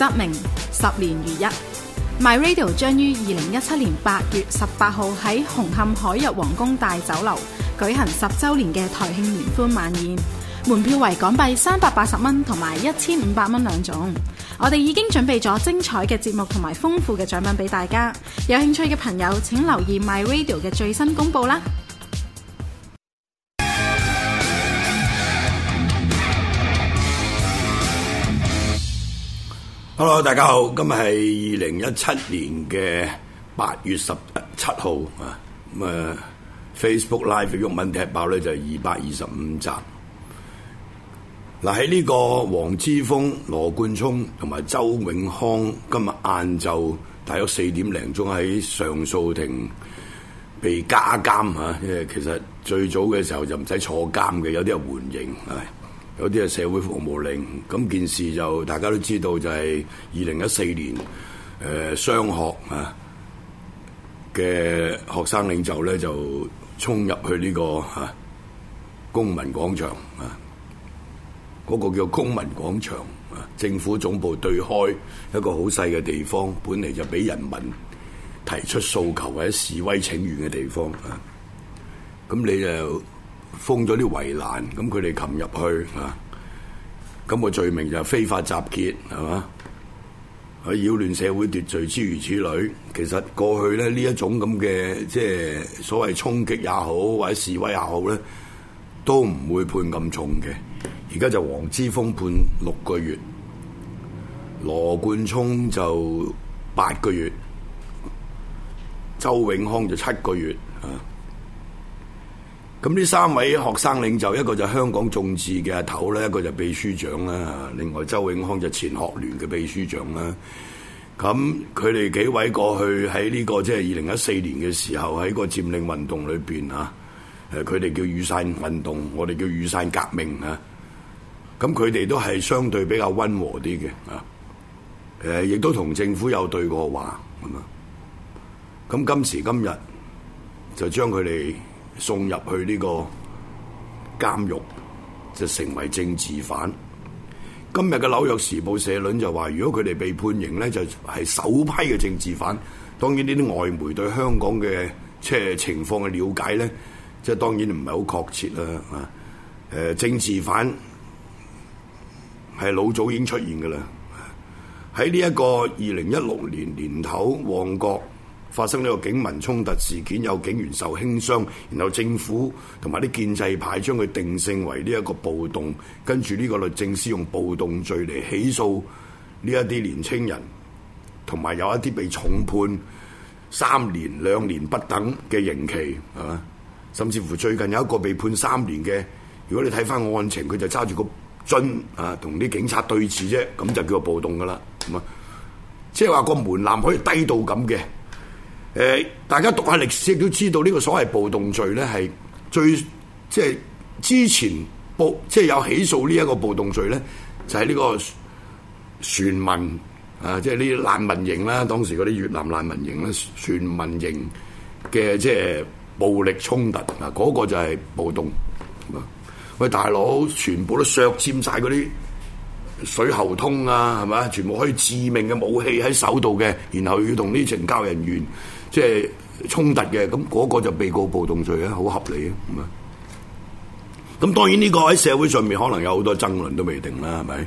則名十年如一，MyRadio 將於二零一七年八月十八號喺紅磡海逸皇宮大酒樓舉行十周年嘅台慶聯歡晚宴，門票為港幣三百八十蚊同埋一千五百蚊兩種。我哋已經準備咗精彩嘅節目同埋豐富嘅獎品俾大家，有興趣嘅朋友請留意 MyRadio 嘅最新公布啦。hello，大家好，今日係二零一七年嘅八月十七號啊，咁、嗯、啊 Facebook Live 嘅毓民踢爆咧就係二百二十五集。嗱喺呢個黃之鋒、羅冠聰同埋周永康今日晏晝大約四點零鐘喺上訴庭被加監吓，因、啊、為其實最早嘅時候就唔使坐監嘅，有啲係緩刑係咪。有啲係社會服務令，咁件事就大家都知道就，就係二零一四年誒雙學啊嘅學生領袖咧，就衝入去呢、呢個嚇、啊、公民廣場啊，嗰、嗰個叫公民廣場啊，政府總部對開一個好細嘅地方，本嚟就俾人民提出訴求或者示威請願嘅地方啊，咁你就。封咗啲圍欄，咁佢哋擒入去啊！咁、個罪名就非法集結係嘛，喺擾亂社會秩序、諸如此類。其實過去咧呢一種咁嘅即係所謂衝擊也好，或者示威也好咧，都唔會判咁重嘅。而家就黃之鋒判六個月，羅冠聰就八個月，周永康就七個月啊。咁呢三位學生領袖，一個就香港眾志嘅阿頭咧，一個就秘書長啦。另外周永康就前學聯嘅秘書長啦。咁佢哋幾位過去喺呢個即係二零一四年嘅時候喺個佔領運動裏邊啊，誒佢哋叫雨傘運動，我哋叫雨傘革命啊。咁佢哋都係相對比較溫和啲嘅啊。誒，亦都同政府有對過話咁啊。咁今時今日就將佢哋送入去呢個監獄就成為政治犯。今日嘅紐約時報社論就話，如果佢哋被判刑咧，就係、是、首批嘅政治犯。當然呢啲外媒對香港嘅即係情況嘅了解咧，即係當然唔係好確切啦。誒、呃，政治犯係老早已經出現噶啦。喺呢一個二零一六年年頭，旺角。發生呢個警民衝突事件，有警員受輕傷，然後政府同埋啲建制派將佢定性為呢一個暴動，跟住呢個律政司用暴動罪嚟起訴呢一啲年青人，同埋有一啲被重判三年、兩年不等嘅刑期，係嘛？甚至乎最近有一個被判三年嘅，如果你睇翻案情，佢就揸住個樽啊同啲警察對峙啫，咁就叫做暴動噶啦，咁啊，即係話個門檻可以低到咁嘅。誒、呃，大家讀下歷史都知道呢、這個所謂暴動罪咧，係最即係之前暴即係有起訴呢一個暴動罪咧，就係、是、呢個船民啊，即係呢啲難民營啦，當時嗰啲越南難民營咧，船民營嘅即係暴力衝突嗱，嗰、那個就係暴動。喂，大佬，全部都削尖晒嗰啲水喉通啊，係咪？全部可以致命嘅武器喺手度嘅，然後要同呢懲教人員。即係衝突嘅，咁、那、嗰個就被告暴動罪咧，好合理啊，咁啊。咁當然呢個喺社會上面可能有好多爭論都未定啦，係咪？誒、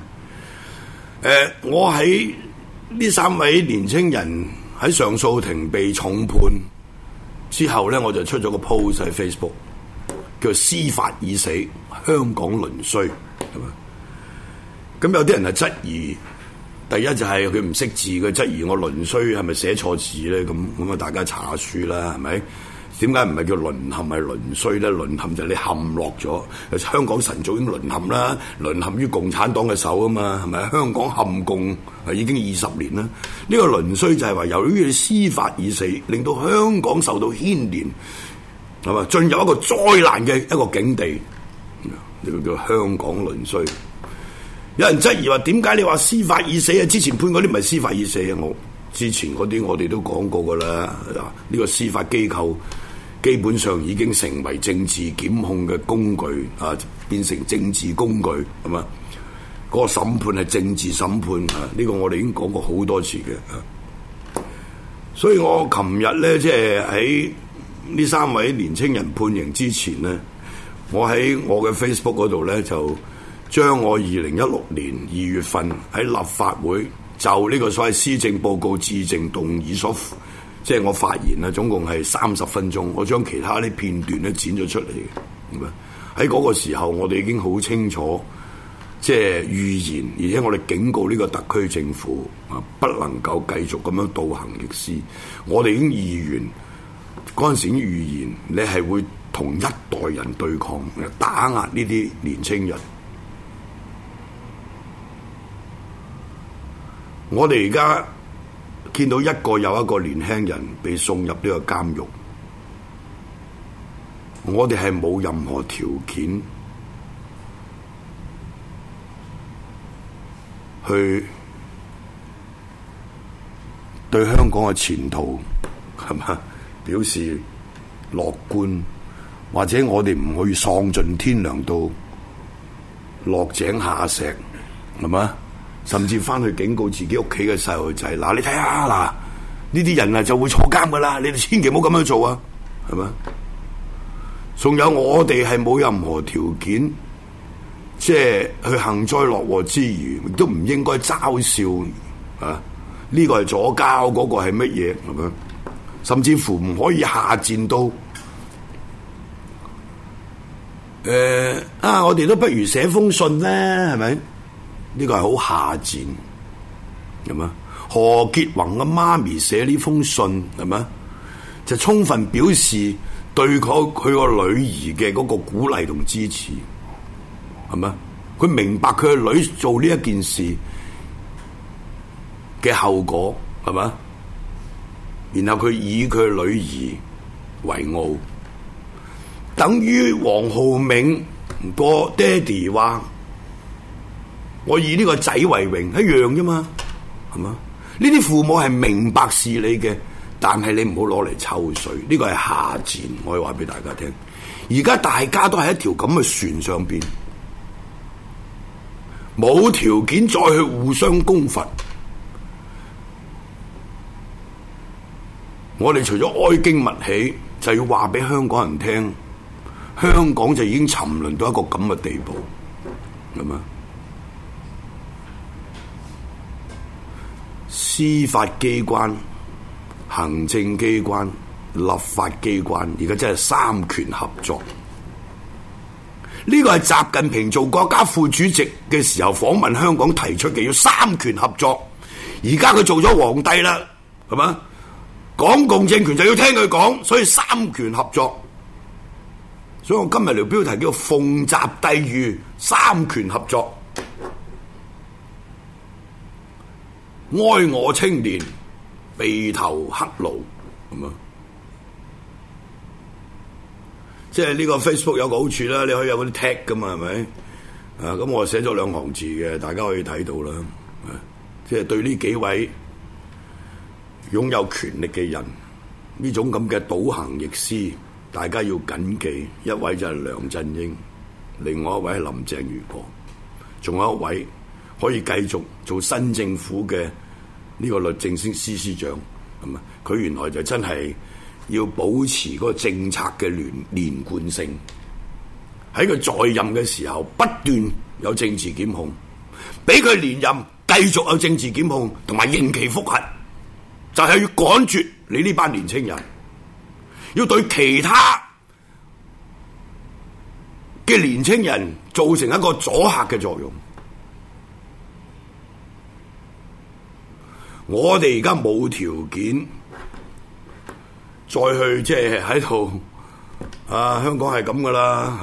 呃，我喺呢三位年青人喺上訴庭被重判之後咧，我就出咗個 post 喺 Facebook，叫司法已死，香港淪衰，係嘛。咁有啲人係質疑。第一就係佢唔識字，佢質疑我淪衰係咪寫錯字咧？咁咁啊，大家查下書啦，係咪？點解唔係叫淪陷？係淪衰咧？淪陷就係你陷落咗。香港神早已經淪陷啦，淪陷於共產黨嘅手啊嘛，係咪？香港陷共係已經二十年啦。呢個淪衰就係話，由於你司法已死，令到香港受到牽連，係咪進入一個災難嘅一個境地？呢個叫香港淪衰。有人質疑話點解你話司法已死啊？之前判嗰啲唔係司法已死啊！我之前嗰啲我哋都講過噶啦，嗱呢個司法機構基本上已經成為政治檢控嘅工具啊，變成政治工具咁啊。嗰個審判係政治審判啊！呢個我哋已經講過好多次嘅啊。所以我琴日咧，即係喺呢三位年青人判刑之前咧，我喺我嘅 Facebook 嗰度咧就。將我二零一六年二月份喺立法會就呢個所謂施政報告致政動議所，即係我發言啦，總共係三十分鐘。我將其他啲片段咧剪咗出嚟嘅，喺嗰個時候，我哋已經好清楚，即係預言，而且我哋警告呢個特區政府啊，不能夠繼續咁樣倒行逆施。我哋已、已經預言，嗰陣時預言你係會同一代人對抗，打壓呢啲年青人。我哋而家見到一個又一個年輕人被送入呢個監獄，我哋係冇任何條件去對香港嘅前途係嘛表示樂觀，或者我哋唔可以喪盡天良到落井下石，係嘛？甚至翻去警告自己屋企嘅細路仔，嗱，你睇下嗱，呢啲人啊就會坐監噶啦，你哋千祈唔好咁樣做啊，係咪？仲有我哋係冇任何條件，即係去幸災樂禍之餘，都唔應該嘲笑啊！呢個係左膠，嗰個係乜嘢？係咪？甚至乎唔可以下戰刀。誒、呃，啊，我哋都不如寫封信咧，係咪？呢個係好下賤，係嘛？何潔泓嘅媽咪寫呢封信，係嘛？就充分表示對佢佢個女兒嘅嗰個鼓勵同支持，係嘛？佢明白佢個女做呢一件事嘅後果，係嘛？然後佢以佢女兒為傲，等於黃浩銘個爹哋話。我以呢個仔為榮，一樣啫嘛，係嘛？呢啲父母係明白事理嘅，但係你唔好攞嚟抽水，呢個係下賤，我可以話俾大家聽。而家大家都喺一條咁嘅船上邊，冇條件再去互相攻伐。我哋除咗哀矜勿喜，就要話俾香港人聽，香港就已經沉淪到一個咁嘅地步，係嘛？司法機關、行政機關、立法機關，而家真係三權合作。呢個係習近平做國家副主席嘅時候訪問香港提出嘅，要三權合作。而家佢做咗皇帝啦，係嘛？港共政權就要聽佢講，所以三權合作。所以我今日條標題叫《奉習帝諭三權合作》。哀我青年被投黑牢咁啊！即係呢個 Facebook 有個好處啦，你可以有嗰啲 tag 噶嘛，係咪？啊，咁我寫咗兩行字嘅，大家可以睇到啦。即係、就是、對呢幾位擁有權力嘅人，呢種咁嘅倒行逆施，大家要謹記。一位就係梁振英，另外一位係林鄭月娥，仲有一位可以繼續做新政府嘅。呢個律政司司長，咁啊，佢原來就真係要保持嗰個政策嘅連連貫性。喺佢在任嘅時候，不斷有政治檢控，俾佢連任，繼續有政治檢控，同埋刑期復核，就係要趕絕你呢班年青人，要對其他嘅年青人造成一個阻嚇嘅作用。我哋而家冇條件再去即係喺度啊！香港係咁㗎喇，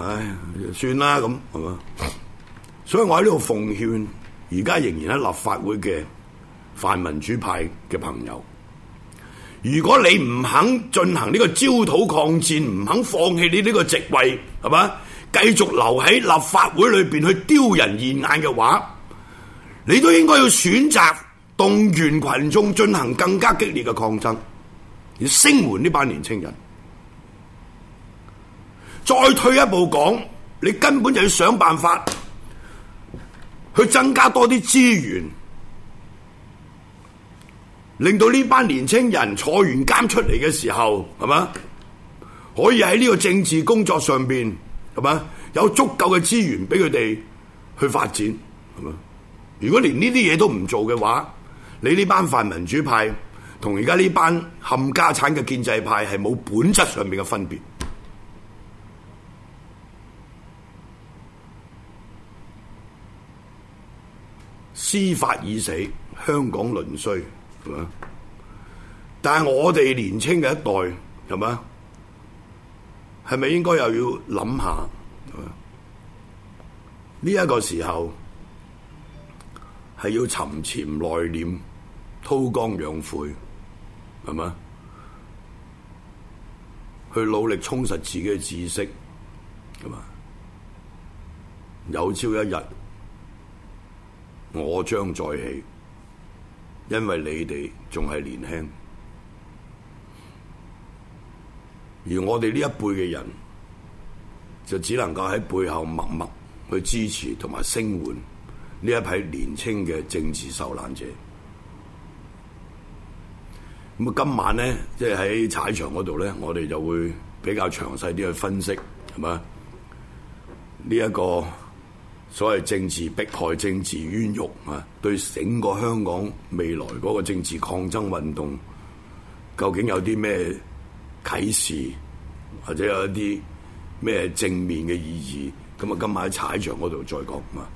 唉，算啦咁，係嘛？所以我喺呢度奉勸，而家仍然喺立法會嘅泛民主派嘅朋友，如果你唔肯進行呢個焦土抗戰，唔肯放棄你呢個席位，係嘛？繼續留喺立法會裏邊去丟人現眼嘅話，你都應該要選擇。動員群眾進行更加激烈嘅抗爭，而聲援呢班年青人。再退一步講，你根本就要想辦法去增加多啲資源，令到呢班年青人坐完監出嚟嘅時候，係嘛，可以喺呢個政治工作上邊，係嘛，有足夠嘅資源俾佢哋去發展，係嘛。如果連呢啲嘢都唔做嘅話，你呢班泛民主派同而家呢班冚家產嘅建制派係冇本質上面嘅分別。司法已死，香港淪衰，但係我哋年輕嘅一代，係咪啊？係咪應該又要諗下？呢一個時候係要沉潛內斂。韜光養晦，係嘛？去努力充實自己嘅知識，係嘛？有朝一日，我將再起，因為你哋仲係年輕，而我哋呢一輩嘅人，就只能夠喺背後默默去支持同埋聲援呢一批年輕嘅政治受難者。咁今晚咧，即係喺踩場嗰度咧，我哋就會比較詳細啲去分析，係嘛？呢一個所謂政治迫害、政治冤獄啊，對整個香港未來嗰個政治抗爭運動，究竟有啲咩啟示，或者有一啲咩正面嘅意義？咁啊，今晚喺踩場嗰度再講啊。